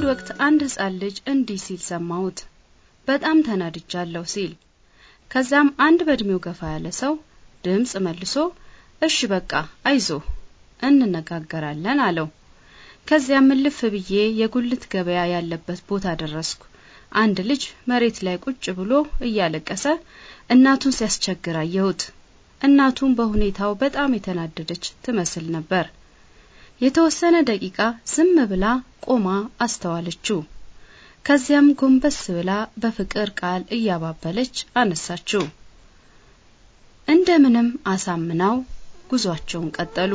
በአንድ ወቅት አንድ ሕፃን ልጅ እንዲህ ሲል ሰማሁት፣ በጣም ተናድጃለሁ ሲል። ከዛም አንድ በእድሜው ገፋ ያለ ሰው ድምፅ መልሶ እሺ በቃ አይዞ እንነጋገራለን አለው። ከዚያም እልፍ ብዬ የጉልት ገበያ ያለበት ቦታ ደረስኩ። አንድ ልጅ መሬት ላይ ቁጭ ብሎ እያለቀሰ እናቱን ሲያስቸግር አየሁት። እናቱም በሁኔታው በጣም የተናደደች ትመስል ነበር። የተወሰነ ደቂቃ ዝም ብላ ቆማ አስተዋለችው። ከዚያም ጎንበስ ብላ በፍቅር ቃል እያባበለች አነሳችው። እንደምንም አሳምናው ጉዟቸውን ቀጠሉ።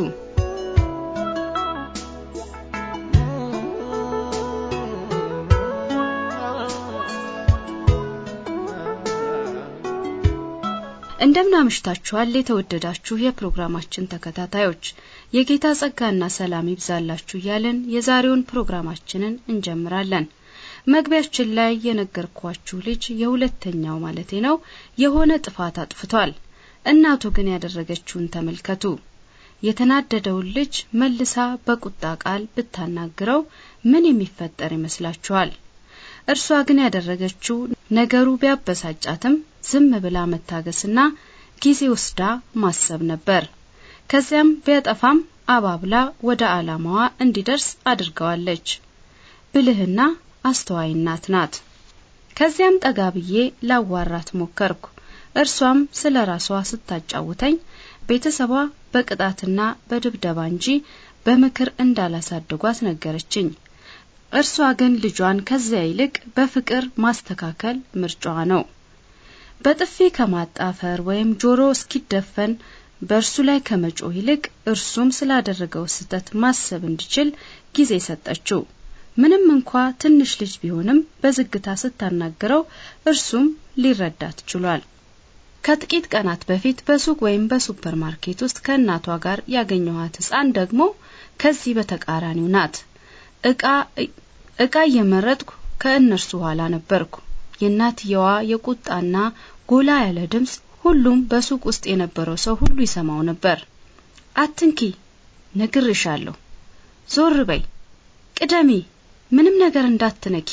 እንደምናምሽታችኋል የተወደዳችሁ የፕሮግራማችን ተከታታዮች የጌታ ጸጋና ሰላም ይብዛላችሁ እያለን የዛሬውን ፕሮግራማችንን እንጀምራለን። መግቢያችን ላይ የነገርኳችሁ ልጅ የሁለተኛው ማለቴ ነው የሆነ ጥፋት አጥፍቷል። እናቱ ግን ያደረገችውን ተመልከቱ። የተናደደውን ልጅ መልሳ በቁጣ ቃል ብታናግረው ምን የሚፈጠር ይመስላችኋል? እርሷ ግን ያደረገችው ነገሩ ቢያበሳጫትም ዝም ብላ መታገስና ጊዜ ወስዳ ማሰብ ነበር። ከዚያም ቢያጠፋም አባብላ ወደ ዓላማዋ እንዲደርስ አድርገዋለች። ብልህና አስተዋይ ናት። ከዚያም ጠጋ ብዬ ላዋራት ሞከርኩ። እርሷም ስለ ራሷ ስታጫውተኝ ቤተሰቧ በቅጣትና በድብደባ እንጂ በምክር እንዳላሳደጓት ነገረችኝ። እርሷ ግን ልጇን ከዚያ ይልቅ በፍቅር ማስተካከል ምርጫዋ ነው። በጥፊ ከማጣፈር ወይም ጆሮ እስኪደፈን በእርሱ ላይ ከመጮህ ይልቅ እርሱም ስላደረገው ስህተት ማሰብ እንዲችል ጊዜ ሰጠችው። ምንም እንኳ ትንሽ ልጅ ቢሆንም በዝግታ ስታናግረው እርሱም ሊረዳት ችሏል። ከጥቂት ቀናት በፊት በሱቅ ወይም በሱፐርማርኬት ውስጥ ከእናቷ ጋር ያገኘኋት ሕፃን ደግሞ ከዚህ በተቃራኒው ናት። እቃ እየመረጥኩ ከእነርሱ ኋላ ነበርኩ። የእናትየዋ የቁጣና ጎላ ያለ ድምፅ ሁሉም በሱቅ ውስጥ የነበረው ሰው ሁሉ ይሰማው ነበር። አትንኪ፣ ነግርሻለሁ፣ ዞር በይ፣ ቅደሚ፣ ምንም ነገር እንዳትነኪ፣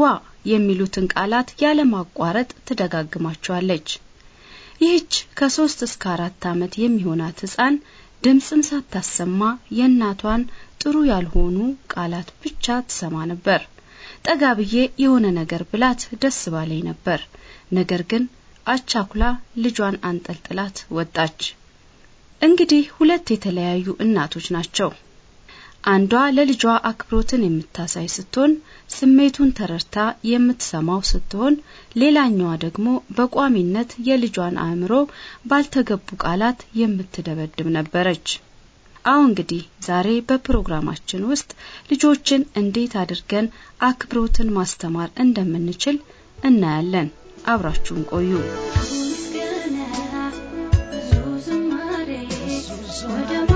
ዋ የሚሉትን ቃላት ያለማቋረጥ ትደጋግማቸዋለች። ይህች ከሶስት እስከ አራት ዓመት የሚሆናት ሕፃን ድምፅን ሳታሰማ የእናቷን ጥሩ ያልሆኑ ቃላት ብቻ ትሰማ ነበር። ጠጋ ብዬ የሆነ ነገር ብላት ደስ ባለኝ ነበር። ነገር ግን አቻኩላ ልጇን አንጠልጥላት ወጣች። እንግዲህ ሁለት የተለያዩ እናቶች ናቸው። አንዷ ለልጇ አክብሮትን የምታሳይ ስትሆን ስሜቱን ተረድታ የምትሰማው ስትሆን፣ ሌላኛዋ ደግሞ በቋሚነት የልጇን አእምሮ ባልተገቡ ቃላት የምትደበድብ ነበረች። አሁ እንግዲህ ዛሬ በፕሮግራማችን ውስጥ ልጆችን እንዴት አድርገን አክብሮትን ማስተማር እንደምንችል እናያለን። አብራችሁን ቆዩ ስለሚገባ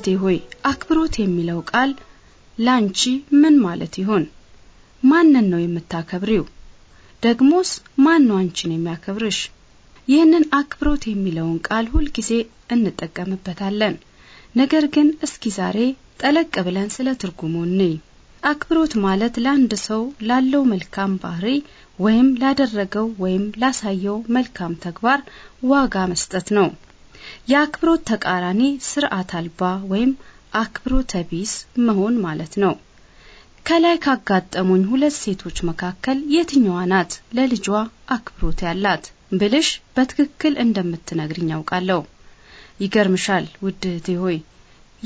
እህቴ ሆይ አክብሮት የሚለው ቃል ላንቺ ምን ማለት ይሆን? ማንን ነው የምታከብሪው? ደግሞስ ማን ነው አንቺን የሚያከብርሽ? ይህንን አክብሮት የሚለውን ቃል ጊዜ እንጠቀምበታለን። ነገር ግን እስኪ ዛሬ ጠለቅ ብለን ስለ ትርጉሙ እንይ። አክብሮት ማለት ለአንድ ሰው ላለው መልካም ባህሪ ወይም ላደረገው ወይም ላሳየው መልካም ተግባር ዋጋ መስጠት ነው። የአክብሮት ተቃራኒ ስርዓት አልባ ወይም አክብሮተ ቢስ መሆን ማለት ነው። ከላይ ካጋጠሙኝ ሁለት ሴቶች መካከል የትኛዋ ናት ለልጇ አክብሮት ያላት ብልሽ በትክክል እንደምትነግርኝ ያውቃለሁ። ይገርምሻል ውድ እህቴ ሆይ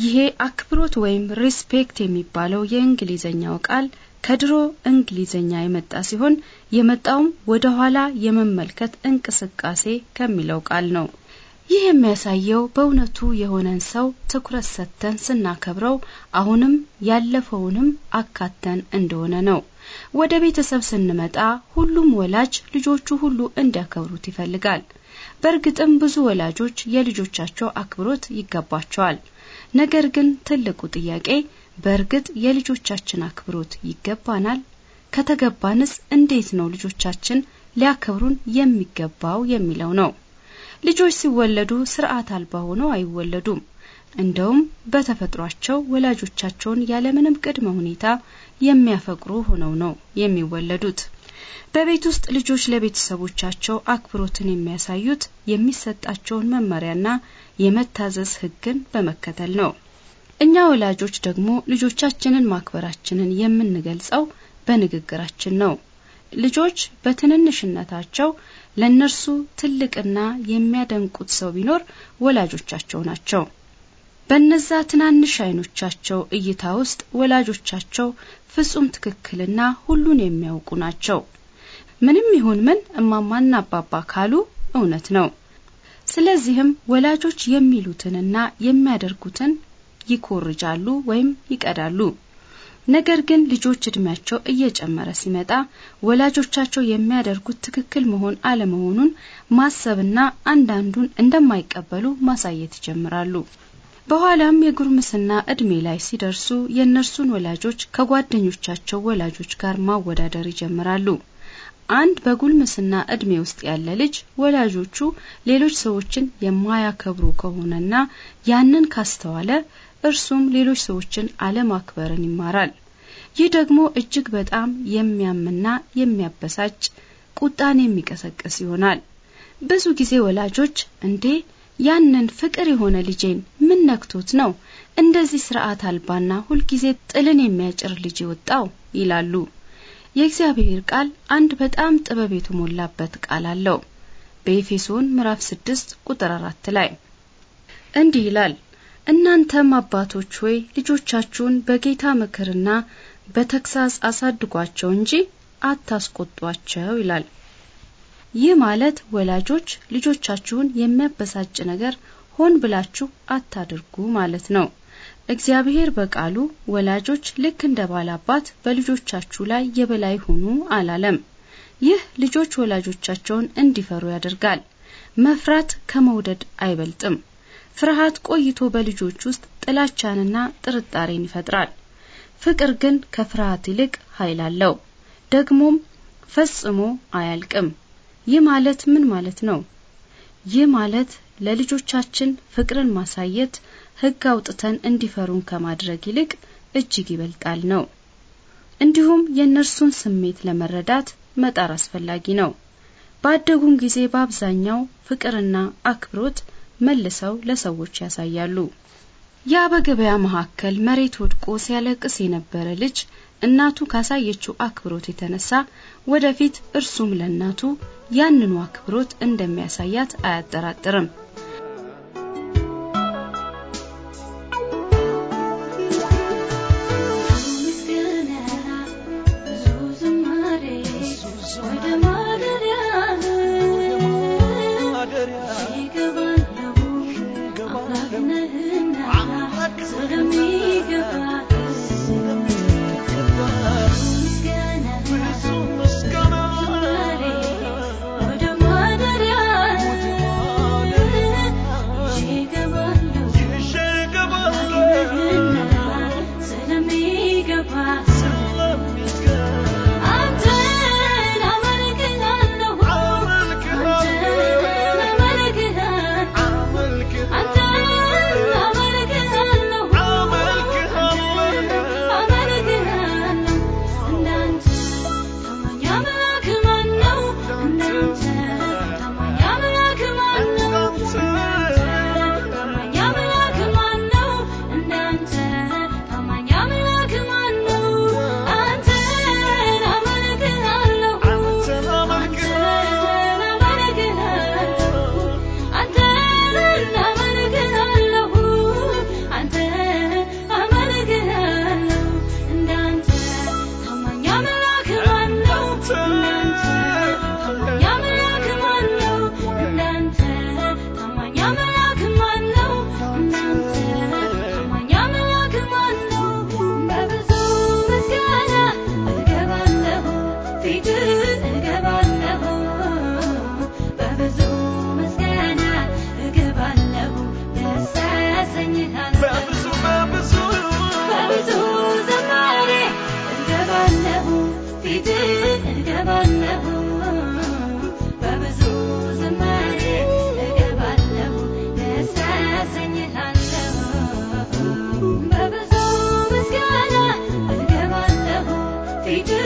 ይሄ አክብሮት ወይም ሪስፔክት የሚባለው የእንግሊዘኛው ቃል ከድሮ እንግሊዘኛ የመጣ ሲሆን የመጣውም ወደ ኋላ የመመልከት እንቅስቃሴ ከሚለው ቃል ነው። ይህ የሚያሳየው በእውነቱ የሆነን ሰው ትኩረት ሰጥተን ስናከብረው አሁንም ያለፈውንም አካተን እንደሆነ ነው። ወደ ቤተሰብ ስንመጣ ሁሉም ወላጅ ልጆቹ ሁሉ እንዲያከብሩት ይፈልጋል። በእርግጥም ብዙ ወላጆች የልጆቻቸው አክብሮት ይገባቸዋል። ነገር ግን ትልቁ ጥያቄ በእርግጥ የልጆቻችን አክብሮት ይገባናል? ከተገባንስ እንዴት ነው ልጆቻችን ሊያከብሩን የሚገባው የሚለው ነው። ልጆች ሲወለዱ ስርዓት አልባ ሆነው አይወለዱም። እንደውም በተፈጥሯቸው ወላጆቻቸውን ያለምንም ቅድመ ሁኔታ የሚያፈቅሩ ሆነው ነው የሚወለዱት። በቤት ውስጥ ልጆች ለቤተሰቦቻቸው አክብሮትን የሚያሳዩት የሚሰጣቸውን መመሪያና የመታዘዝ ሕግን በመከተል ነው። እኛ ወላጆች ደግሞ ልጆቻችንን ማክበራችንን የምንገልጸው በንግግራችን ነው። ልጆች በትንንሽነታቸው ለእነርሱ ትልቅና የሚያደንቁት ሰው ቢኖር ወላጆቻቸው ናቸው። በእነዛ ትናንሽ አይኖቻቸው እይታ ውስጥ ወላጆቻቸው ፍጹም ትክክልና ሁሉን የሚያውቁ ናቸው። ምንም ይሁን ምን እማማና አባባ ካሉ እውነት ነው። ስለዚህም ወላጆች የሚሉትንና የሚያደርጉትን ይኮርጃሉ ወይም ይቀዳሉ። ነገር ግን ልጆች እድሜያቸው እየጨመረ ሲመጣ ወላጆቻቸው የሚያደርጉት ትክክል መሆን አለመሆኑን ማሰብና አንዳንዱን እንደማይቀበሉ ማሳየት ይጀምራሉ። በኋላም የጉርምስና እድሜ ላይ ሲደርሱ የእነርሱን ወላጆች ከጓደኞቻቸው ወላጆች ጋር ማወዳደር ይጀምራሉ። አንድ በጉልምስና እድሜ ውስጥ ያለ ልጅ ወላጆቹ ሌሎች ሰዎችን የማያከብሩ ከሆነና ያንን ካስተዋለ እርሱም ሌሎች ሰዎችን አለማክበርን ይማራል። ይህ ደግሞ እጅግ በጣም የሚያምና የሚያበሳጭ ቁጣን የሚቀሰቅስ ይሆናል። ብዙ ጊዜ ወላጆች እንዴ ያንን ፍቅር የሆነ ልጄን ምን ነክቶት ነው እንደዚህ ስርዓት አልባና ሁልጊዜ ጥልን የሚያጭር ልጅ ወጣው ይላሉ። የእግዚአብሔር ቃል አንድ በጣም ጥበብ የተሞላበት ቃል አለው። በኤፌሶን ምዕራፍ 6 ቁጥር 4 ላይ እንዲህ ይላል እናንተም አባቶች ሆይ ልጆቻችሁን በጌታ ምክርና በተግሳጽ አሳድጓቸው እንጂ አታስቆጧቸው ይላል። ይህ ማለት ወላጆች ልጆቻችሁን የሚያበሳጭ ነገር ሆን ብላችሁ አታድርጉ ማለት ነው። እግዚአብሔር በቃሉ ወላጆች ልክ እንደ ባላባት በልጆቻችሁ ላይ የበላይ ሁኑ አላለም። ይህ ልጆች ወላጆቻቸውን እንዲፈሩ ያደርጋል። መፍራት ከመውደድ አይበልጥም። ፍርሃት ቆይቶ በልጆች ውስጥ ጥላቻንና ጥርጣሬን ይፈጥራል። ፍቅር ግን ከፍርሃት ይልቅ ኃይል አለው፣ ደግሞም ፈጽሞ አያልቅም። ይህ ማለት ምን ማለት ነው? ይህ ማለት ለልጆቻችን ፍቅርን ማሳየት ሕግ አውጥተን እንዲፈሩን ከማድረግ ይልቅ እጅግ ይበልጣል ነው። እንዲሁም የእነርሱን ስሜት ለመረዳት መጣር አስፈላጊ ነው። ባደጉን ጊዜ በአብዛኛው ፍቅርና አክብሮት መልሰው ለሰዎች ያሳያሉ። ያ በገበያ መካከል መሬት ወድቆ ሲያለቅስ የነበረ ልጅ እናቱ ካሳየችው አክብሮት የተነሳ ወደፊት እርሱም ለእናቱ ያንኑ አክብሮት እንደሚያሳያት አያጠራጥርም። the meek Amiga, vai.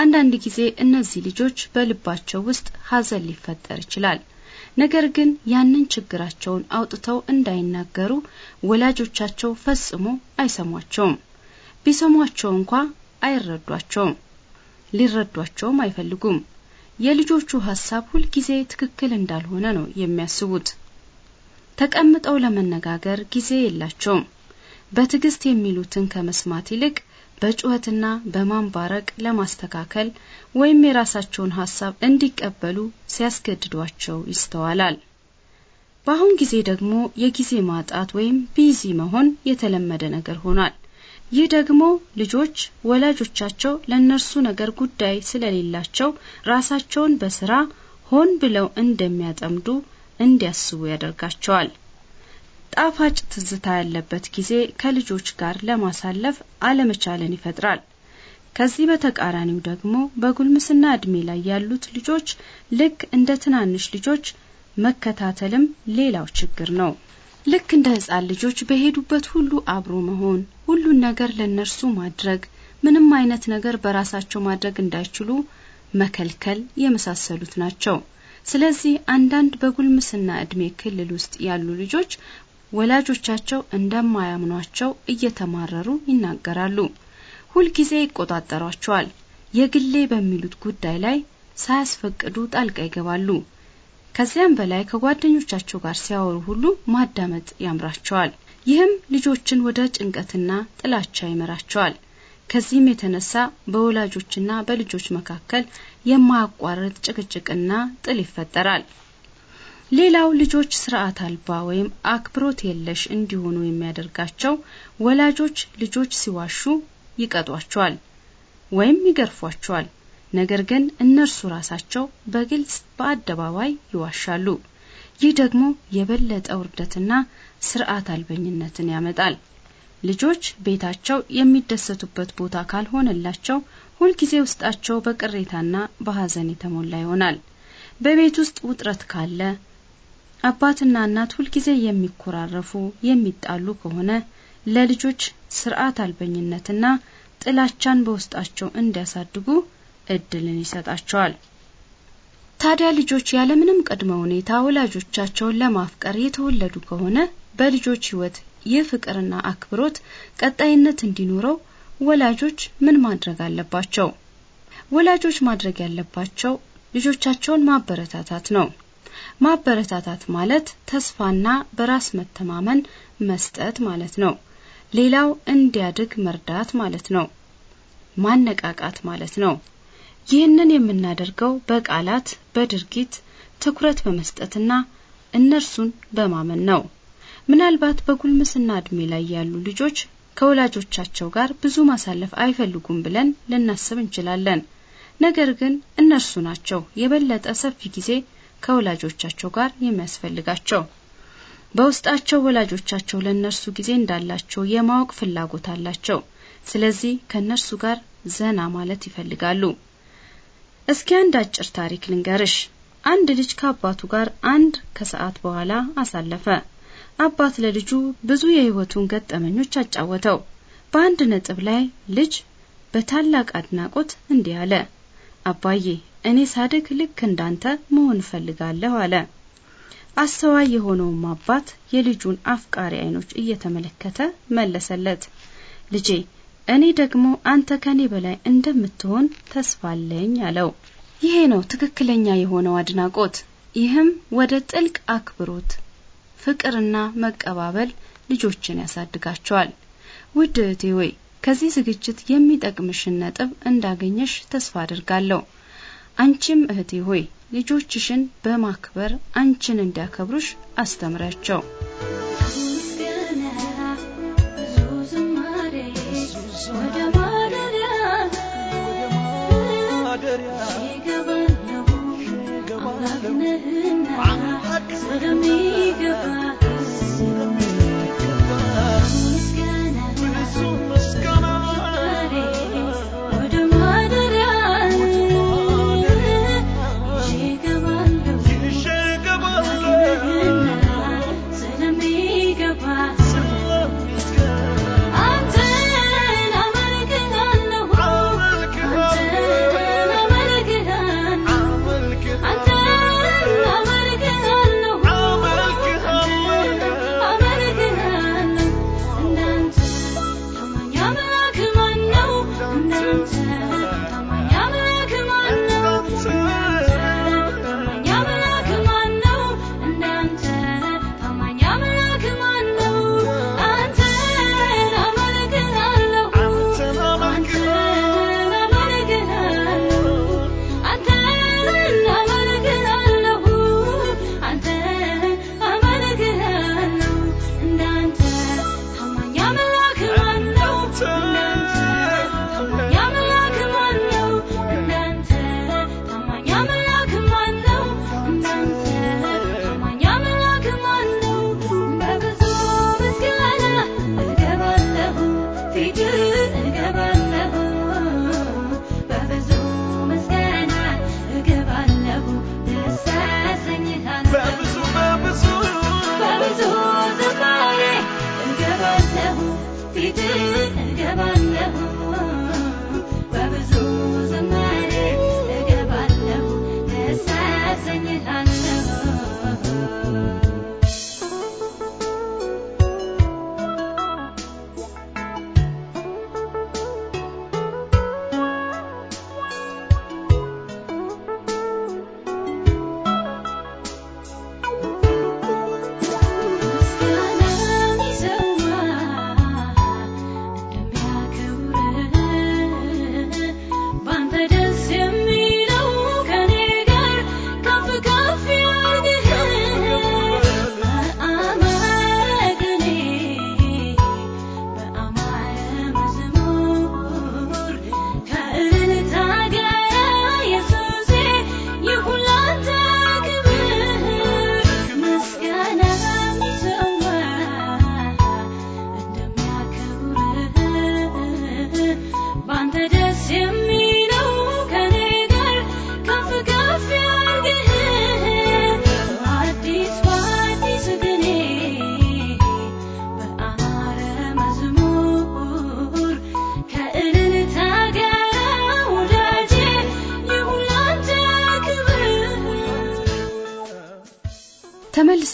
አንዳንድ ጊዜ እነዚህ ልጆች በልባቸው ውስጥ ሐዘን ሊፈጠር ይችላል። ነገር ግን ያንን ችግራቸውን አውጥተው እንዳይናገሩ ወላጆቻቸው ፈጽሞ አይሰሟቸውም። ቢሰሟቸው እንኳ አይረዷቸውም፣ ሊረዷቸውም አይፈልጉም። የልጆቹ ሀሳብ ሁልጊዜ ትክክል እንዳልሆነ ነው የሚያስቡት። ተቀምጠው ለመነጋገር ጊዜ የላቸውም። በትዕግስት የሚሉትን ከመስማት ይልቅ በጩኸትና በማንባረቅ ለማስተካከል ወይም የራሳቸውን ሀሳብ እንዲቀበሉ ሲያስገድዷቸው ይስተዋላል። በአሁን ጊዜ ደግሞ የጊዜ ማጣት ወይም ቢዚ መሆን የተለመደ ነገር ሆኗል። ይህ ደግሞ ልጆች ወላጆቻቸው ለእነርሱ ነገር ጉዳይ ስለሌላቸው ራሳቸውን በስራ ሆን ብለው እንደሚያጠምዱ እንዲያስቡ ያደርጋቸዋል። ጣፋጭ ትዝታ ያለበት ጊዜ ከልጆች ጋር ለማሳለፍ አለመቻለን ይፈጥራል። ከዚህ በተቃራኒው ደግሞ በጉልምስና እድሜ ላይ ያሉት ልጆች ልክ እንደ ትናንሽ ልጆች መከታተልም ሌላው ችግር ነው። ልክ እንደ ሕፃን ልጆች በሄዱበት ሁሉ አብሮ መሆን፣ ሁሉን ነገር ለእነርሱ ማድረግ፣ ምንም አይነት ነገር በራሳቸው ማድረግ እንዳይችሉ መከልከል የመሳሰሉት ናቸው። ስለዚህ አንዳንድ በጉልምስና እድሜ ክልል ውስጥ ያሉ ልጆች ወላጆቻቸው እንደማያምኗቸው እየተማረሩ ይናገራሉ። ሁልጊዜ ይቆጣጠሯቸዋል። የግሌ በሚሉት ጉዳይ ላይ ሳያስፈቅዱ ጣልቃ ይገባሉ። ከዚያም በላይ ከጓደኞቻቸው ጋር ሲያወሩ ሁሉ ማዳመጥ ያምራቸዋል። ይህም ልጆችን ወደ ጭንቀትና ጥላቻ ይመራቸዋል። ከዚህም የተነሳ በወላጆችና በልጆች መካከል የማያቋርጥ ጭቅጭቅና ጥል ይፈጠራል። ሌላው ልጆች ስርዓት አልባ ወይም አክብሮት የለሽ እንዲሆኑ የሚያደርጋቸው ወላጆች ልጆች ሲዋሹ ይቀጧቸዋል ወይም ይገርፏቸዋል። ነገር ግን እነርሱ ራሳቸው በግልጽ በአደባባይ ይዋሻሉ። ይህ ደግሞ የበለጠ ውርደትና ስርዓት አልበኝነትን ያመጣል። ልጆች ቤታቸው የሚደሰቱበት ቦታ ካልሆነላቸው ሁልጊዜ ውስጣቸው በቅሬታና በሐዘን የተሞላ ይሆናል። በቤት ውስጥ ውጥረት ካለ አባትና እናት ሁልጊዜ የሚኮራረፉ የሚጣሉ ከሆነ ለልጆች ስርዓት አልበኝነትና ጥላቻን በውስጣቸው እንዲያሳድጉ እድልን ይሰጣቸዋል። ታዲያ ልጆች ያለምንም ቅድመ ሁኔታ ወላጆቻቸውን ለማፍቀር የተወለዱ ከሆነ በልጆች ሕይወት ይህ ፍቅርና አክብሮት ቀጣይነት እንዲኖረው ወላጆች ምን ማድረግ አለባቸው? ወላጆች ማድረግ ያለባቸው ልጆቻቸውን ማበረታታት ነው። ማበረታታት ማለት ተስፋና በራስ መተማመን መስጠት ማለት ነው። ሌላው እንዲያድግ መርዳት ማለት ነው። ማነቃቃት ማለት ነው። ይህንን የምናደርገው በቃላት፣ በድርጊት ትኩረት በመስጠትና እነርሱን በማመን ነው። ምናልባት በጉልምስና እድሜ ላይ ያሉ ልጆች ከወላጆቻቸው ጋር ብዙ ማሳለፍ አይፈልጉም ብለን ልናስብ እንችላለን። ነገር ግን እነርሱ ናቸው የበለጠ ሰፊ ጊዜ ከወላጆቻቸው ጋር የሚያስፈልጋቸው በውስጣቸው ወላጆቻቸው ለእነርሱ ጊዜ እንዳላቸው የማወቅ ፍላጎት አላቸው። ስለዚህ ከእነርሱ ጋር ዘና ማለት ይፈልጋሉ። እስኪ አንድ አጭር ታሪክ ልንገርሽ። አንድ ልጅ ከአባቱ ጋር አንድ ከሰዓት በኋላ አሳለፈ። አባት ለልጁ ብዙ የሕይወቱን ገጠመኞች አጫወተው። በአንድ ነጥብ ላይ ልጅ በታላቅ አድናቆት እንዲህ አለ፣ አባዬ እኔ ሳድግ ልክ እንዳንተ መሆን እፈልጋለሁ አለ። አስተዋይ የሆነውም አባት የልጁን አፍቃሪ አይኖች እየተመለከተ መለሰለት፣ ልጄ እኔ ደግሞ አንተ ከኔ በላይ እንደምትሆን ተስፋ አለኝ አለው። ይሄ ነው ትክክለኛ የሆነው አድናቆት። ይህም ወደ ጥልቅ አክብሮት፣ ፍቅርና መቀባበል ልጆችን ያሳድጋቸዋል። ውድ እህቴ ሆይ ከዚህ ዝግጅት የሚጠቅምሽን ነጥብ እንዳገኘሽ ተስፋ አድርጋለሁ። አንቺም እህቴ ሆይ ልጆችሽን በማክበር አንቺን እንዲያከብሩሽ አስተምሪያቸው። I'm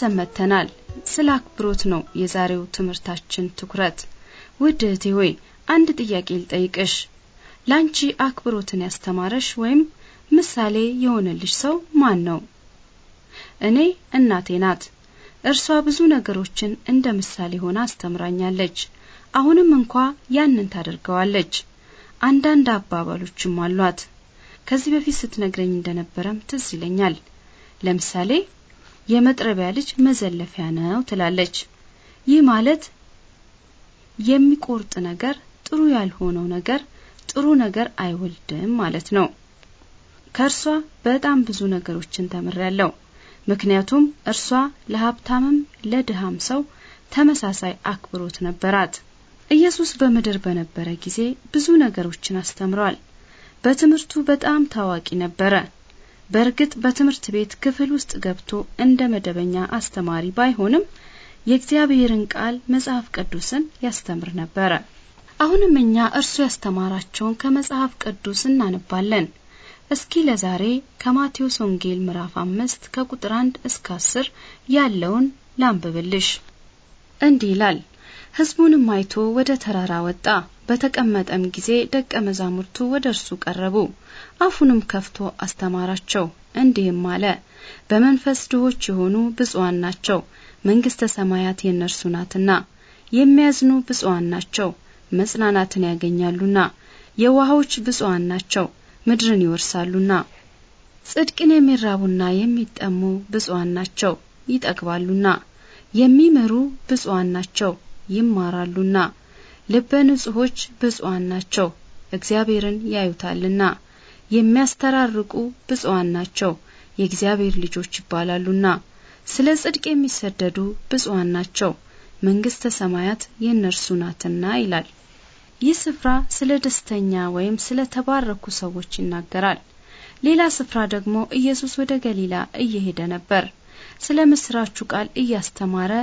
ተመልሰን መጥተናል። ስለ አክብሮት ነው የዛሬው ትምህርታችን ትኩረት። ውድ እህቴ ሆይ አንድ ጥያቄ ልጠይቅሽ። ላንቺ አክብሮትን ያስተማረሽ ወይም ምሳሌ የሆነልሽ ሰው ማን ነው? እኔ እናቴ ናት። እርሷ ብዙ ነገሮችን እንደ ምሳሌ ሆና አስተምራኛለች። አሁንም እንኳ ያንን ታደርገዋለች። አንዳንድ አባባሎችም አሏት። ከዚህ በፊት ስትነግረኝ እንደነበረም ትዝ ይለኛል። ለምሳሌ የመጥረቢያ ልጅ መዘለፊያ ነው ትላለች። ይህ ማለት የሚቆርጥ ነገር ጥሩ ያልሆነው ነገር ጥሩ ነገር አይወልድም ማለት ነው። ከእርሷ በጣም ብዙ ነገሮችን ተምሬያለሁ። ምክንያቱም እርሷ ለሀብታምም ለድሃም ሰው ተመሳሳይ አክብሮት ነበራት። ኢየሱስ በምድር በነበረ ጊዜ ብዙ ነገሮችን አስተምሯል። በትምህርቱ በጣም ታዋቂ ነበረ። በእርግጥ በትምህርት ቤት ክፍል ውስጥ ገብቶ እንደ መደበኛ አስተማሪ ባይሆንም የእግዚአብሔርን ቃል መጽሐፍ ቅዱስን ያስተምር ነበረ። አሁንም እኛ እርሱ ያስተማራቸውን ከመጽሐፍ ቅዱስ እናነባለን። እስኪ ለዛሬ ከማቴዎስ ወንጌል ምዕራፍ አምስት ከቁጥር አንድ እስከ አስር ያለውን ላንብብልሽ። እንዲህ ይላል ሕዝቡንም አይቶ ወደ ተራራ ወጣ። በተቀመጠም ጊዜ ደቀ መዛሙርቱ ወደ እርሱ ቀረቡ። አፉንም ከፍቶ አስተማራቸው፣ እንዲህም አለ። በመንፈስ ድሆች የሆኑ ብፁዓን ናቸው፣ መንግሥተ ሰማያት የእነርሱ ናትና። የሚያዝኑ ብፁዓን ናቸው፣ መጽናናትን ያገኛሉና። የዋሆች ብፁዓን ናቸው፣ ምድርን ይወርሳሉና። ጽድቅን የሚራቡና የሚጠሙ ብፁዓን ናቸው፣ ይጠግባሉና። የሚምሩ ብፁዓን ናቸው ይማራሉና ልበ ንጹሖች ብፁዓን ናቸው እግዚአብሔርን ያዩታልና የሚያስተራርቁ ብፁዓን ናቸው የእግዚአብሔር ልጆች ይባላሉና ስለ ጽድቅ የሚሰደዱ ብፁዓን ናቸው መንግስተ ሰማያት የእነርሱ ናትና ይላል ይህ ስፍራ ስለ ደስተኛ ወይም ስለ ተባረኩ ሰዎች ይናገራል ሌላ ስፍራ ደግሞ ኢየሱስ ወደ ገሊላ እየሄደ ነበር ስለ ምስራቹ ቃል እያስተማረ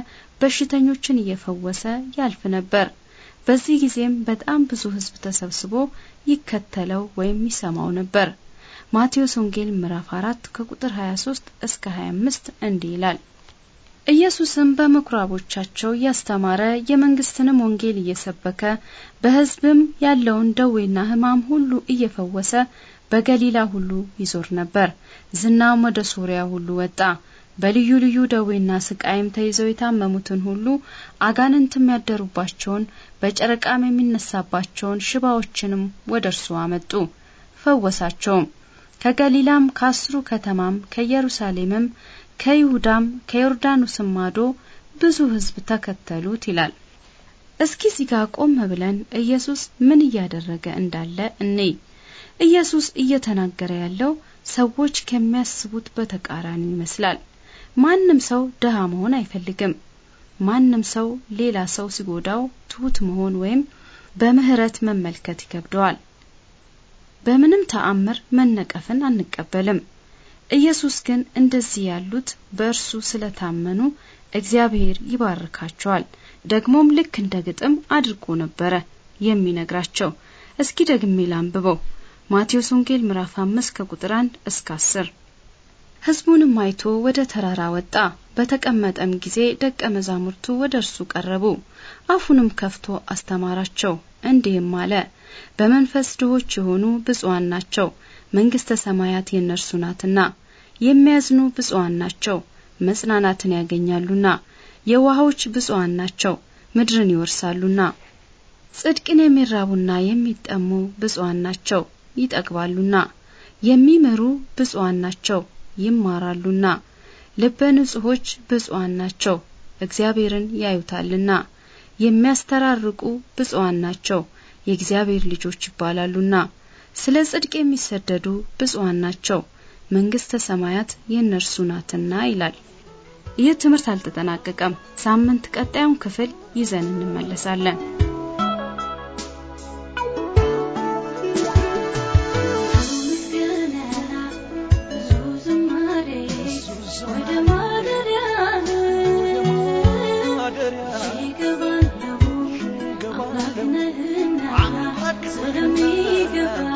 በሽተኞችን እየፈወሰ ያልፍ ነበር። በዚህ ጊዜም በጣም ብዙ ሕዝብ ተሰብስቦ ይከተለው ወይም ይሰማው ነበር። ማቴዎስ ወንጌል ምዕራፍ 4 ከቁጥር 23 እስከ 25 እንዲህ ይላል። ኢየሱስም በምኩራቦቻቸው እያስተማረ የመንግስትንም ወንጌል እየሰበከ በሕዝብም ያለውን ደዌና ሕማም ሁሉ እየፈወሰ በገሊላ ሁሉ ይዞር ነበር። ዝናም ወደ ሶሪያ ሁሉ ወጣ። በልዩ ልዩ ደዌና ስቃይም ተይዘው የታመሙትን ሁሉ አጋንንትም ያደሩባቸውን በጨረቃም የሚነሳባቸውን ሽባዎችንም ወደ እርሱ አመጡ፣ ፈወሳቸውም። ከገሊላም ከአስሩ ከተማም ከኢየሩሳሌምም ከይሁዳም ከዮርዳኖስም ማዶ ብዙ ሕዝብ ተከተሉት ይላል። እስኪ ሲጋ ጋር ቆም ብለን ኢየሱስ ምን እያደረገ እንዳለ እኔ ኢየሱስ እየተናገረ ያለው ሰዎች ከሚያስቡት በተቃራኒ ይመስላል። ማንም ሰው ድሃ መሆን አይፈልግም። ማንም ሰው ሌላ ሰው ሲጎዳው ትሁት መሆን ወይም በምህረት መመልከት ይከብደዋል። በምንም ተአምር መነቀፍን አንቀበልም። ኢየሱስ ግን እንደዚህ ያሉት በእርሱ ስለታመኑ እግዚአብሔር ይባርካቸዋል። ደግሞም ልክ እንደ ግጥም አድርጎ ነበረ የሚነግራቸው። እስኪ ደግሜ ላንብበው። ማቴዎስ ወንጌል ምዕራፍ 5 ከቁጥር 1 እስከ 10 ሕዝቡንም አይቶ ወደ ተራራ ወጣ። በተቀመጠም ጊዜ ደቀ መዛሙርቱ ወደ እርሱ ቀረቡ። አፉንም ከፍቶ አስተማራቸው፣ እንዲህም አለ። በመንፈስ ድሆች የሆኑ ብፁዓን ናቸው፣ መንግሥተ ሰማያት የእነርሱ ናትና። የሚያዝኑ ብፁዓን ናቸው፣ መጽናናትን ያገኛሉና። የዋሆች ብፁዓን ናቸው፣ ምድርን ይወርሳሉና። ጽድቅን የሚራቡና የሚጠሙ ብፁዓን ናቸው፣ ይጠግባሉና። የሚምሩ ብፁዓን ናቸው ይማራሉና ልበ ንጹሖች ብፁዓን ናቸው እግዚአብሔርን ያዩታልና የሚያስተራርቁ ብፁዓን ናቸው የእግዚአብሔር ልጆች ይባላሉና ስለ ጽድቅ የሚሰደዱ ብፁዓን ናቸው መንግስተ ሰማያት የእነርሱ ናትና ይላል ይህ ትምህርት አልተጠናቀቀም ሳምንት ቀጣዩን ክፍል ይዘን እንመለሳለን goodbye.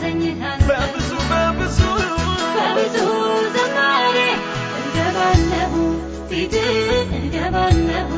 ያሰኝታል በብዙ በብዙ በብዙ ዘማሬ እንደባለሁ ፊት እንደባለሁ